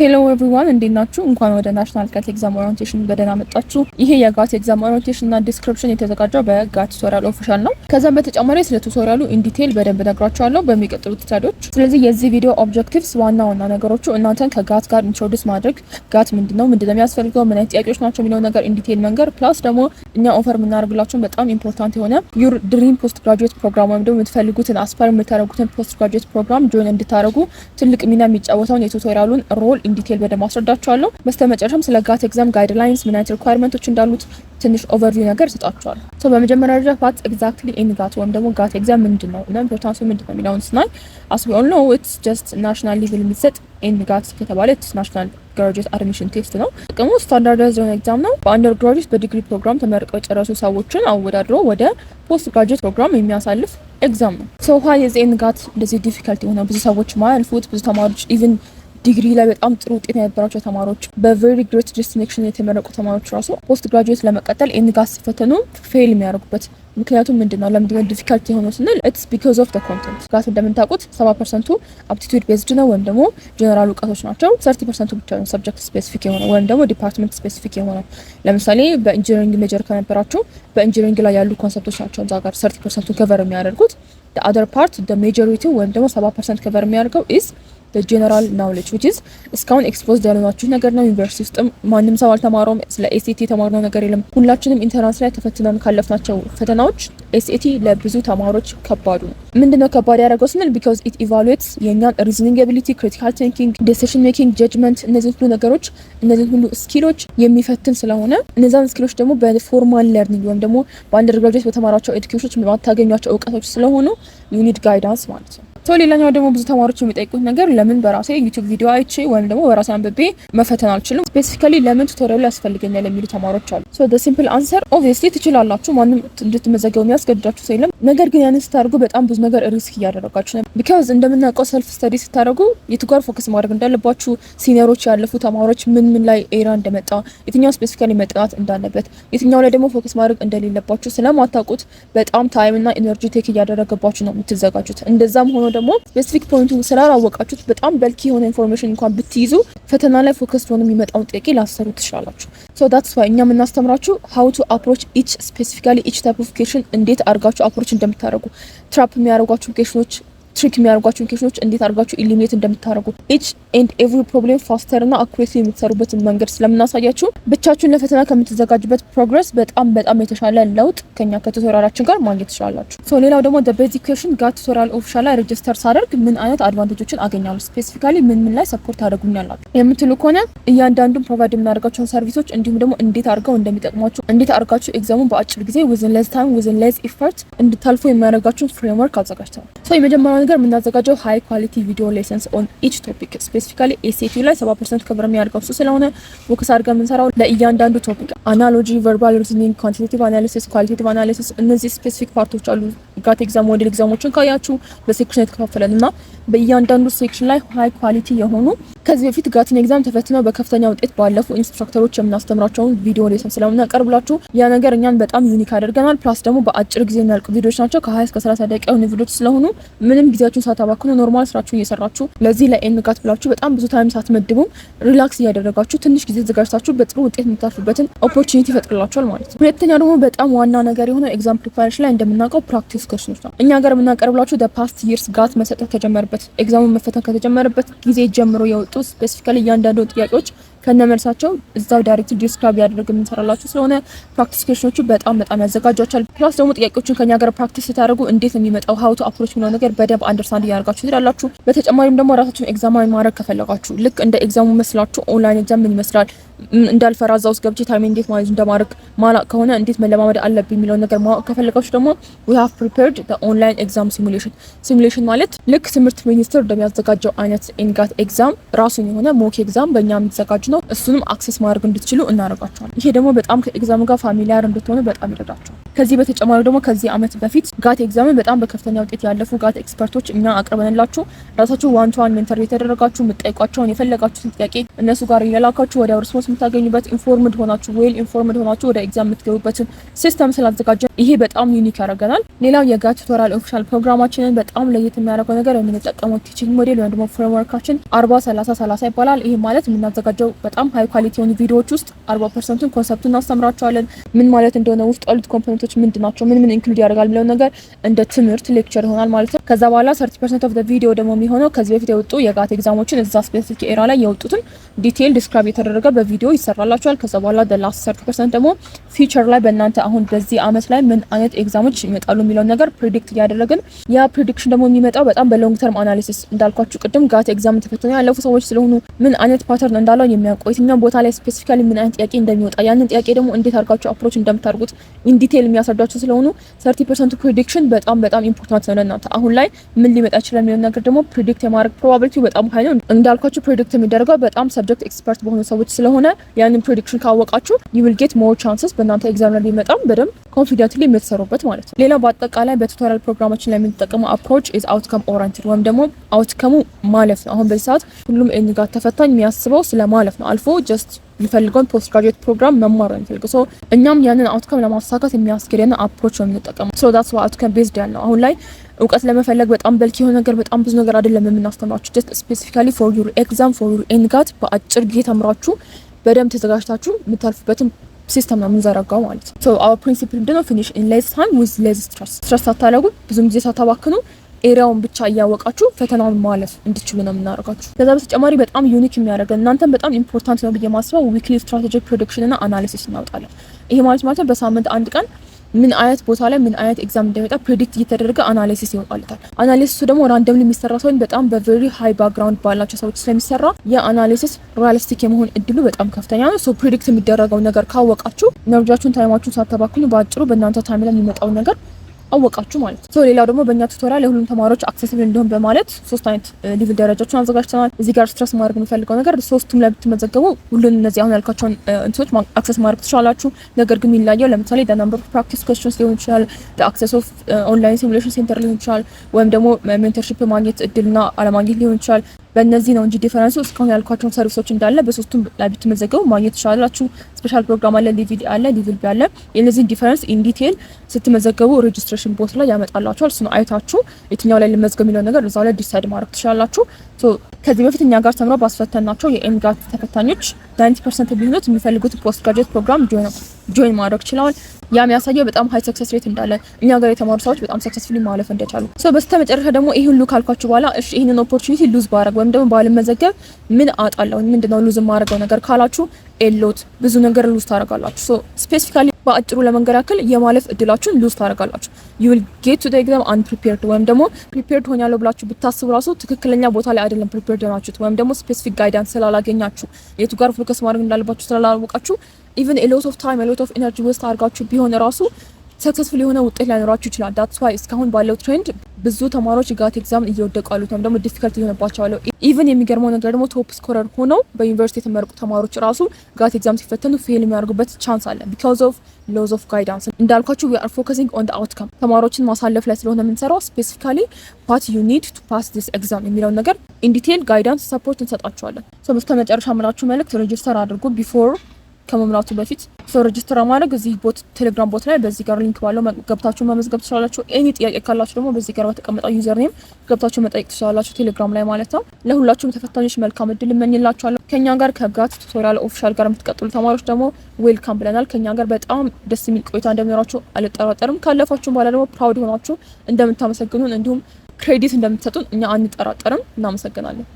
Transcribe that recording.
ሄሎ ኤቭሪዋን እንዴት ናችሁ? እንኳን ወደ ናሽናል ጋት ኤግዛም ኦሪንቴሽን በደህና መጣችሁ። ይሄ የጋት ኤግዛም ኦሪንቴሽን እና ዲስክሪፕሽን የተዘጋጀው በጋት ቱቶሪያል ኦፊሻል ነው። ከዛም በተጨማሪ ስለ ቱቶሪያሉ ኢንዲቴይል በደንብ ነግራችኋለሁ በሚቀጥሉት ታዶች። ስለዚህ የዚህ ቪዲዮ ኦብጀክቲቭስ ዋና ዋና ነገሮቹ እናንተን ከጋት ጋር ኢንትሮዲስ ማድረግ ጋት ምንድነው፣ ምንድነው የሚያስፈልገው፣ ምን አይነት ጥያቄዎች ናቸው የሚለው ነገር ኢንዲቴይል መንገር ፕላስ ደግሞ እኛ ኦፈር የምናደርግላቸውን በጣም ኢምፖርታንት የሆነ ዩር ድሪም ፖስት ግራጁዌት ፕሮግራም ወይም ደግሞ የምትፈልጉትን አስፓር የምታደረጉትን ፖስት ግራጁዌት ፕሮግራም ጆይን እንድታደረጉ ትልቅ ሚና የሚጫወተውን የቱቶሪያሉን ሮል ኢንዲቴል በደንብ አስረዳቸዋለሁ። በስተመጨረሻም ስለ ጋት ኤግዛም ጋይድላይንስ ምን አይነት ሪኳርመንቶች እንዳሉት ትንሽ ኦቨርቪው ነገር ይሰጣቸዋል። በመጀመሪያ ደረጃ ፓት ኤግዛክትሊ ኤን ጋት ወይም ደግሞ ጋት ኤግዛም ምንድን ነው እና ኢምፖርታንሱ ምንድን ነው የሚለውን ስናይ አስ ዊ ኦል ኖ ኢትስ ጀስት ናሽናል ሊቭል የሚሰጥ ኤን ጋት ከተባለ ኢትስ ናሽናል ግራጁዌት አድሚሽን ቴስት ነው። ጥቅሙ ስታንዳርዳይዝ የሆነ ኤግዛም ነው። በአንደር ግራጁዌት በዲግሪ ፕሮግራም ተመርቀው የጨረሱ ሰዎችን አወዳድሮ ወደ ፖስት ግራጁዌት ፕሮግራም የሚያሳልፍ ኤግዛም ነው። ሰው ሀይ የዚህ ኤን ጋት እንደዚህ ዲፊካልቲ የሆነ ብዙ ሰዎች ማያልፉት ብዙ ተማሪዎች ኢቭን ዲግሪ ላይ በጣም ጥሩ ውጤት የነበራቸው ተማሪዎች በቬሪ ግሬት ዲስቲንክሽን የተመረቁ ተማሪዎች ራሱ ፖስት ግራጁዌት ለመቀጠል ኤንጋስ ሲፈተኑ ፌል የሚያደርጉበት ምክንያቱም ምንድን ነው ለምንድነው ዲፊካልቲ የሆነው ስንል ኢትስ ቢካዝ ኦፍ ኮንተንት ጋት እንደምታውቁት ሰባ ፐርሰንቱ አፕቲቱድ ቤዝድ ነው ወይም ደግሞ ጀነራል እውቀቶች ናቸው። ሰርቲ ፐርሰንቱ ብቻ ነው ሰብጀክት ስፔሲፊክ የሆነ ወይም ደግሞ ዲፓርትመንት ስፔሲፊክ የሆነ ለምሳሌ በኢንጂኒሪንግ ሜጀር ከነበራችሁ በኢንጂኒሪንግ ላይ ያሉ ኮንሰፕቶች ናቸው እዛ ጋር ሰርቲ ፐርሰንቱን ከቨር የሚያደርጉት አደር ፓርት ሜጆሪቲ ወይም ደግሞ ሰባ ፐርሰንት ከቨር የሚያደርገው ኢዝ ጀነራል ናውሌጅ ዊች ኢዝ እስካሁን ኤክስፖዝ ያልሆናችሁ ነገር ነው። ዩኒቨርሲቲ ውስጥም ማንም ሰው አልተማረውም። ስለ ኤስኤቲ የተማርነው ነገር የለም። ሁላችንም ኢንተራንስ ላይ ተፈትነን ካለፍናቸው ፈተናዎች ኤስኤቲ ለብዙ ተማሪዎች ከባዱ ነው። ምንድነው ከባድ ያደረገው ስንል ቢካዝ ኢት ኢቫሉዌትስ የእኛን ሪዝኒንግ አቢሊቲ፣ ክሪቲካል ቲንኪንግ፣ ዴሲሽን ሜኪንግ፣ ጀጅመንት እነዚህ ሁሉ ነገሮች እነዚህ ሁሉ ስኪሎች የሚፈትን ስለሆነ እነዛን ስኪሎች ደግሞ በፎርማል ለርኒንግ ወይም ደግሞ በአንደር ግራጁዌት በተማራቸው ኤዱኬሽኖች ማታገኟቸው እውቀቶች ስለሆኑ ዩኒድ ጋይዳንስ ማለት ነው። ሰው ሌላኛው ደግሞ ብዙ ተማሪዎች የሚጠይቁት ነገር ለምን በራሴ ዩቱብ ቪዲዮ አይቼ ወይም ደግሞ በራሴ አንብቤ መፈተን አልችልም፣ ስፔሲፊካሊ ለምን ቱቶሪያሉ ያስፈልገኛል የሚሉ ተማሪዎች አሉ። ሶ ሲምፕል አንሰር ኦብቪየስሊ ትችላላችሁ። ማንም እንድትመዘገቡ የሚያስገድዳችሁ ሰው የለም። ነገር ግን ያንን ስታደርጉ በጣም ብዙ ነገር ሪስክ እያደረጋችሁ ነው። ቢካዝ እንደምናውቀው ሰልፍ ስተዲ ስታደርጉ የትጓር ፎከስ ማድረግ እንዳለባችሁ፣ ሲኒየሮች ያለፉ ተማሪዎች ምን ምን ላይ ኤራ እንደመጣ፣ የትኛው ስፔሲፊካሊ መጥናት እንዳለበት፣ የትኛው ላይ ደግሞ ፎከስ ማድረግ እንደሌለባችሁ ስለማታውቁት በጣም ታይምና ኢነርጂ ቴክ እያደረገባችሁ ነው የምትዘጋጁት እንደዛም ሆኖ ደግሞ ስፔሲፊክ ፖይንቱ ስላላወቃችሁት በጣም በልኪ የሆነ ኢንፎርሜሽን እንኳን ብትይዙ ፈተና ላይ ፎከስ ሆኖ የሚመጣውን ጥያቄ ላሰሩ ትችላላችሁ። ሶ ዳትስ ዋይ እኛ የምናስተምራችሁ ሀው ቱ አፕሮች ኢች ስፔሲፊካሊ ኢች ታይፕ ኦፍ ኬሽን እንዴት አድርጋችሁ አፕሮች እንደምታደርጉ ትራፕ የሚያደርጓችሁ ኬሽኖች ትሪት የሚያደርጓቸውን ኬሶች እንዴት አድርጋችሁ ኢሊሚኔት እንደምታደርጉ ኢች ኤንድ ኤቭሪ ፕሮብሌም ፋስተር እና አኩሬት የምትሰሩበትን መንገድ ስለምናሳያችሁ ብቻችሁን ለፈተና ከምትዘጋጁበት ፕሮግረስ በጣም በጣም የተሻለ ለውጥ ከኛ ከቱቶሪያላችን ጋር ማግኘት ትችላላችሁ። ሌላው ደግሞ ቤዚክ ኩዌሽን ጋር ቱቶሪያል ኦፊሻል ላይ ሬጅስተር ሳደርግ ምን አይነት አድቫንቴጆችን አገኛሉ፣ ስፔሲፊካሊ ምን ምን ላይ ሰፖርት ታደርጉኛላችሁ የምትሉ ከሆነ እያንዳንዱን ፕሮቫይድ የምናደርጋቸውን ሰርቪሶች እንዲሁም ደግሞ እንዴት አድርገው እንደሚጠቅሟችሁ እንዴት አድርጋችሁ ኤግዛሙን በአጭር ጊዜ ዊዝን ሌዝ ታይም ዊዝን ሌዝ ኢፈርት እንድታልፎ የሚያደርጋችሁን ፍሬምወርክ አዘጋጅተናል። የመጀመሪያ ነገር የምናዘጋጀው ሀይ ኳሊቲ ቪዲዮ ሌሰንስ ኦን ኢች ቶፒክ ስፔሲፊካሊ ኤሴቲዩ ላይ 7 ፐርሰንት ከብር የሚያደርገው እሱ ስለሆነ ቦክስ አድርገን የምንሰራው ለእያንዳንዱ ቶፒክ አናሎጂ፣ ቨርባል ሪዝኒንግ፣ ኳንቲቴቲቭ አናሊሲስ፣ ኳሊቴቲቭ አናሊሲስ እነዚህ ስፔሲፊክ ፓርቶች አሉ። ጋት ኤግዛም ሞዴል ኤግዛሞችን ካያችሁ በሴክሽን የተከፋፈለን እና በእያንዳንዱ ሴክሽን ላይ ሀይ ኳሊቲ የሆኑ ከዚህ በፊት ጋትን ኤግዛም ተፈትነው በከፍተኛ ውጤት ባለፉ ኢንስትራክተሮች የምናስተምራቸውን ቪዲዮ ሌሰንስ ስለምናቀርብላችሁ ያ ነገር እኛን በጣም ዩኒክ አድርገናል። ፕላስ ደግሞ በአጭር ጊዜ የሚያልቁ ቪዲዮዎች ናቸው ከ20 እስከ 30 ደቂቃ የሆኑ ቪዲዮዎች ስለሆኑ ምንም ጊዜያችሁን ሳታባክኑ ኖርማል ስራችሁን እየሰራችሁ ለዚህ ለኤን ጋት ብላችሁ በጣም ብዙ ታይም ሳትመድቡም ሪላክስ እያደረጋችሁ ትንሽ ጊዜ ተዘጋጅታችሁ በጥሩ ውጤት የምታርፉበትን ኦፖርቹኒቲ ይፈጥርላችኋል ማለት ነው። ሁለተኛ ደግሞ በጣም ዋና ነገር የሆነው ኤግዛም ፕሪፓሬሽን ላይ እንደምናውቀው ፕራክቲስ ኮሽኖች ነው። እኛ ጋር የምናቀርብላችሁ ፓስት ይርስ ጋት መሰጠት ከጀመረበት ኤግዛሙን መፈተን ከተጀመረበት ጊዜ ጀምሮ የወጡ ስፔሲፊካሊ እያንዳንዱ ጥያቄዎች ከነመልሳቸው እዛው ዳይሬክት ዲስክራይብ ያደርግ የምንሰራላቸው ስለሆነ ፕራክቲስ ኬሽኖቹ በጣም በጣም ያዘጋጃቸዋል። ፕላስ ደግሞ ጥያቄዎችን ከኛ ጋር ፕራክቲስ ስታደርጉ እንዴት ነው የሚመጣው ሀውቱ አፕሮች የሚለው ነገር በደንብ አንደርስታንድ እያደርጋችሁ ትሄዳላችሁ። በተጨማሪም ደግሞ ራሳችሁን ኤግዛማዊ ማድረግ ከፈለጋችሁ ልክ እንደ ኤግዛሙ መስላችሁ ኦንላይን ኤግዛም ምን ይመስላል እንዳልፈራ እዛ ውስጥ ገብቼ ታይሜ እንዴት ማኔጅ እንደማድረግ ማላቅ ከሆነ እንዴት መለማመድ አለብኝ የሚለውን ነገር ማወቅ ከፈለጋችሁ ደግሞ ዊ ሃቭ ፕሪፔርድ ኦንላይን ኤግዛም ሲሙሌሽን። ሲሙሌሽን ማለት ልክ ትምህርት ሚኒስቴር እንደሚያዘጋጀው አይነት ኤንጋት ኤግዛም ራሱን የሆነ ሞክ ኤግዛም በእኛ የሚዘጋጅ ነው። እሱንም አክሴስ ማድረግ እንድትችሉ እናደርጋቸዋለን። ይሄ ደግሞ በጣም ከኤግዛም ጋር ፋሚሊያር እንድትሆኑ በጣም ይረዳቸዋል። ከዚህ በተጨማሪ ደግሞ ከዚህ አመት በፊት ጋት ኤግዛምን በጣም በከፍተኛ ውጤት ያለፉ ጋት ኤክስፐርቶች እኛ አቅርበንላችሁ ራሳችሁ ዋን ቱ ዋን ሜንተር የተደረጋችሁ የምትጠይቋቸውን የፈለጋችሁትን ጥያቄ እነሱ ጋር እየላካችሁ ወዲያው ሪስፖንስ የምታገኙበት ኢንፎርምድ ሆናችሁ ዌል ኢንፎርምድ ሆናችሁ ወደ ኤግዛም የምትገቡበትን ሲስተም ስላዘጋጀ ይሄ በጣም ዩኒክ ያደርገናል። ሌላው የጋ ቱቶሪያል ኦፊሻል ፕሮግራማችንን በጣም ለየት የሚያደርገው ነገር የምንጠቀመው ቲችንግ ሞዴል ወይም ደግሞ ፍሬምወርካችን አርባ ሰላሳ ሰላሳ ይባላል። ይህ ማለት የምናዘጋጀው በጣም ሀይ ኳሊቲ የሆኑ ቪዲዮዎች ውስጥ አርባ ፐርሰንቱን ኮንሰፕቱን እናስተምራቸዋለን። ምን ማለት እንደሆነ ውስጥ ያሉት ኮምፖነንቶች ምንድናቸው፣ ናቸው፣ ምን ምን ኢንክሉድ ያደርጋል የሚለው ነገር እንደ ትምህርት ሌክቸር ይሆናል ማለት ነው። ከዛ በኋላ 30 ፐርሰንት ኦፍ ቪዲዮ ደግሞ የሚሆነው ከዚህ በፊት የወጡ የጋት ኤግዛሞችን እዛ ስፔሲፊክ ኤራ ላይ የወጡትን ዲቴይል ዲስክራይብ የተደረገ በቪዲዮ ይሰራላችኋል። ከዛ በኋላ ላስት 30 ፐርሰንት ደግሞ ፊቸር ላይ በእናንተ አሁን በዚህ አመት ላይ ምን አይነት ኤግዛሞች ይመጣሉ የሚለውን ነገር ፕሪዲክት እያደረግን ያ ፕሪዲክሽን ደግሞ የሚመጣው በጣም በሎንግ ተርም አናሊሲስ እንዳልኳችሁ ቅድም ጋት ኤግዛም ተፈትነው ያለፉ ሰዎች ስለሆኑ ምን አይነት ፓተርን እንዳለው የሚያውቁ የትኛው ቦታ ላይ ስፔሲፊካሊ ምን አይነት ጥያቄ እንደሚወጣ ያንን ጥያቄ ደግሞ እንዴት አድርጋችሁ አፕሮች እንደምታደርጉት ኢን ዲቴይል የሚያስረዳችሁ ስለሆኑ 30 ፐርሰንቱ ፕሪዲክሽን በጣም በጣም ኢምፖርታንት ነው ለእናንተ አሁን ላይ ምን ሊመጣ ይችላል የሚለው ነገር ደግሞ ፕሪዲክት የማድረግ ፕሮባቢሊቲ በጣም ሀይ ነው። እንዳልኳቸው ፕሪዲክት የሚደረገው በጣም ሰብጀክት ኤክስፐርት በሆኑ ሰዎች ስለሆነ ያንን ፕሪዲክሽን ካወቃችሁ ዩ ዊል ጌት ሞር ቻንስስ በእናንተ ኤግዛም ላይ ቢመጣም በደንብ ኮንፊደንትሊ የምትሰሩበት ማለት ነው። ሌላው በአጠቃላይ በቱቶሪያል ፕሮግራማችን ላይ የምንጠቀመው አፕሮች ኢዝ አውትካም ኦሪንትድ ወይም ደግሞ አውትካሙ ማለፍ ነው። አሁን በዚህ ሰዓት ሁሉም ንጋት ተፈታኝ የሚያስበው ስለ ማለፍ ነው አልፎ ጀስት የሚፈልገውን ፖስት ግራጁዌት ፕሮግራም መማር የሚፈልገው ሰው እኛም ያንን አውትካም ለማሳካት የሚያስገድ የሚያስገደን አፕሮች ነው የምንጠቀመው ሶ ዳትስ አውትካም ቤዝድ ያለው አሁን ላይ እውቀት ለመፈለግ በጣም በልክ የሆነ ነገር በጣም ብዙ ነገር አይደለም የምናስተምራችሁ። ጀስት ስፔሲፊካሊ ፎር ዩር ኤግዛም ፎር ዩር ኤንጋት ጋት በአጭር ጊዜ ተምራችሁ በደንብ ተዘጋጅታችሁ የምታልፉበትን ሲስተም ነው የምንዘረጋው ማለት ነው። ሶ አወር ፕሪንሲፕል ምንድነው? ፊኒሽ ኢን ሌስ ታይም ዊዝ ሌስ ስትረስ። ስትረስ ሳታደርጉ ብዙም ጊዜ ሳታባክኑ ኤሪያውን ብቻ እያወቃችሁ ፈተናውን ማለፍ እንድችሉ ነው የምናደርጋችሁ። ከዛ በተጨማሪ በጣም ዩኒክ የሚያደርገን እናንተም በጣም ኢምፖርታንት ነው ብዬ ማስበው ዊክሊ ስትራቴጂክ ፕሮዲክሽን እና አናሊሲስ እናውጣለን። ይሄ ማለት ማለት ነው በሳምንት አንድ ቀን ምን አይነት ቦታ ላይ ምን አይነት ኤግዛም እንደሚወጣ ፕሬዲክት እየተደረገ አናሊሲስ ይወጣለታል። አናሊሲሱ ደግሞ ራንደምሊ የሚሰራ ሲሆን በጣም በቨሪ ሃይ ባክግራውንድ ባላቸው ሰዎች ስለሚሰራ የአናሊሲስ ሪያሊስቲክ የመሆን እድሉ በጣም ከፍተኛ ነው። ሶ ፕሬዲክት የሚደረገው ነገር ካወቃችሁ መረጃችሁን ታይማችሁን ሳታባክኑ በአጭሩ በእናንተ ታይም ላይ የሚመጣውን ነገር አወቃችሁ ማለት ነው። ሌላው ደግሞ በእኛ ቱቶሪያል ለሁሉም ተማሪዎች አክሴስብል እንዲሆን በማለት ሶስት አይነት ሊቭል ደረጃዎችን አዘጋጅተናል። እዚህ ጋር ስትረስ ማድረግ የምፈልገው ነገር ሶስቱም ላይ ብትመዘገቡ ሁሉን እነዚህ አሁን ያልኳቸውን እንትኖች አክሰስ ማድረግ ትችላላችሁ። ነገር ግን የሚለየው ለምሳሌ ናምበር ኦፍ ፕራክቲስ ኮስቲንስ ሊሆን ይችላል፣ አክሰስ ኦፍ ኦንላይን ሲሙሌሽን ሴንተር ሊሆን ይችላል፣ ወይም ደግሞ ሜንተርሽፕ ማግኘት እድልና አለማግኘት ሊሆን ይችላል። በእነዚህ ነው እንጂ ዲፈረንሱ እስካሁን ያልኳቸውን ሰርቪሶች እንዳለ በሶስቱም ላይ ብትመዘገቡ ማግኘት ትችላላችሁ። ስፔሻል ፕሮግራም አለ፣ ሊቪድ አለ፣ ሊቪል አለ። የእነዚህን ዲፈረንስ ኢን ዲቴል ስትመዘገቡ ሬጅስትሬሽን ቦት ላይ ያመጣላችኋል። እሱን አይታችሁ የትኛው ላይ ልመዝገብ የሚለው ነገር እዛው ላይ ዲሳይድ ማድረግ ትችላላችሁ። ሶ ከዚህ በፊት እኛ ጋር ተምረው ባስፈተናቸው የኤምጋት ተፈታኞች 90 ፐርሰንት የሚሆኑት የሚፈልጉት ፖስት ግራጁዌት ፕሮግራም ጆይን ማድረግ ችለዋል። ያ የሚያሳየው በጣም ሀይ ሰክሰስ ሬት እንዳለ እኛ ጋር የተማሩ ሰዎች በጣም ሰክሰስፉሊ ማለፍ እንደቻሉ። ሶ በስተ መጨረሻ ደግሞ ይህ ሁሉ ካልኳችሁ በኋላ እሺ ይህንን ኦፖርቹኒቲ ሉዝ ባረግ ወይም ደግሞ ባልመዘገብ ምን አጣለሁ፣ ምንድነው ሉዝ የማደርገው ነገር ካላችሁ ኤሎት ብዙ ነገር ሉዝ ታደርጋላችሁ። ሶ ስፔሲፊካሊ በአጭሩ ለመንገር ያክል የማለፍ እድላችሁን ሉዝ ታደርጋላችሁ። ዩ ዊል ጌት ቱ ዘ ኤግዛም አንፕሪፔርድ ወይም ደግሞ ፕሪፔርድ ሆኛለሁ ብላችሁ ብታስቡ ራሱ ትክክለኛ ቦታ ላይ አይደለም ፕሪፔርድ ሆናችሁት ወይም ደግሞ ስፔሲፊክ ጋይዳንስ ስላላገኛችሁ የቱ ጋር ፎከስ ማድረግ እንዳለባችሁ ስላላወቃችሁ ኢቨን ኤሎት ኦፍ ታይም ኤሎት ኦፍ ኢነርጂ ዌስት አድርጋችሁ ቢሆን ራሱ ሰክሰስፉል የሆነ ውጤት ላይኖራችሁ ይችላል። ዳትስ ዋይ እስካሁን ባለው ትሬንድ ብዙ ተማሪዎች ጋት ኤግዛምን እየወደቁ ያሉት ወይም ደግሞ ዲፊከልት እየሆነባቸው ያለው። ኢቨን የሚገርመው ነገር ደግሞ ቶፕ ስኮረር ሆነው በዩኒቨርሲቲ የተመረቁ ተማሪዎች ራሱ ጋት ኤግዛም ሲፈተኑ ፌል የሚያደርጉበት ቻንስ አለ። ቢካዝ ኦፍ ሎዝ ኦፍ ጋይዳንስ እንዳልኳችሁ ዊ አር ፎከሲንግ ኦን አውትካም ተማሪዎችን ማሳለፍ ላይ ስለሆነ የምንሰራው ስፔሲፊካሊ ፓት ዩ ኒድ ቱ ፓስ ዲስ ኤግዛም የሚለውን ነገር ኢንዲቴል ጋይዳንስ ሰፖርት እንሰጣቸዋለን። እስከ መጨረሻ ምላችሁ መልእክት ሬጅስተር አድርጉ ቢፎር ከመምራቱ በፊት ሰው ሬጅስተር ማድረግ እዚህ ቦት ቴሌግራም ቦት ላይ በዚህ ጋር ሊንክ ባለው ገብታችሁ መመዝገብ ትችላላችሁ። ኤኒ ጥያቄ ካላችሁ ደግሞ በዚህ ጋር በተቀመጠው ዩዘር ኔም ገብታችሁ መጠየቅ ትችላላችሁ ቴሌግራም ላይ ማለት ነው። ለሁላችሁም ተፈታኞች መልካም እድል እመኝላችኋለሁ። ከኛ ጋር ከጋት ቱቶሪያል ኦፊሻል ጋር የምትቀጥሉ ተማሪዎች ደግሞ ዌልካም ብለናል። ከኛ ጋር በጣም ደስ የሚል ቆይታ እንደሚኖራችሁ አልጠራጠርም። ካለፋችሁም በኋላ ደግሞ ፕራውድ ሆናችሁ እንደምታመሰግኑን እንዲሁም ክሬዲት እንደምትሰጡን እኛ አንጠራጠርም። እናመሰግናለን።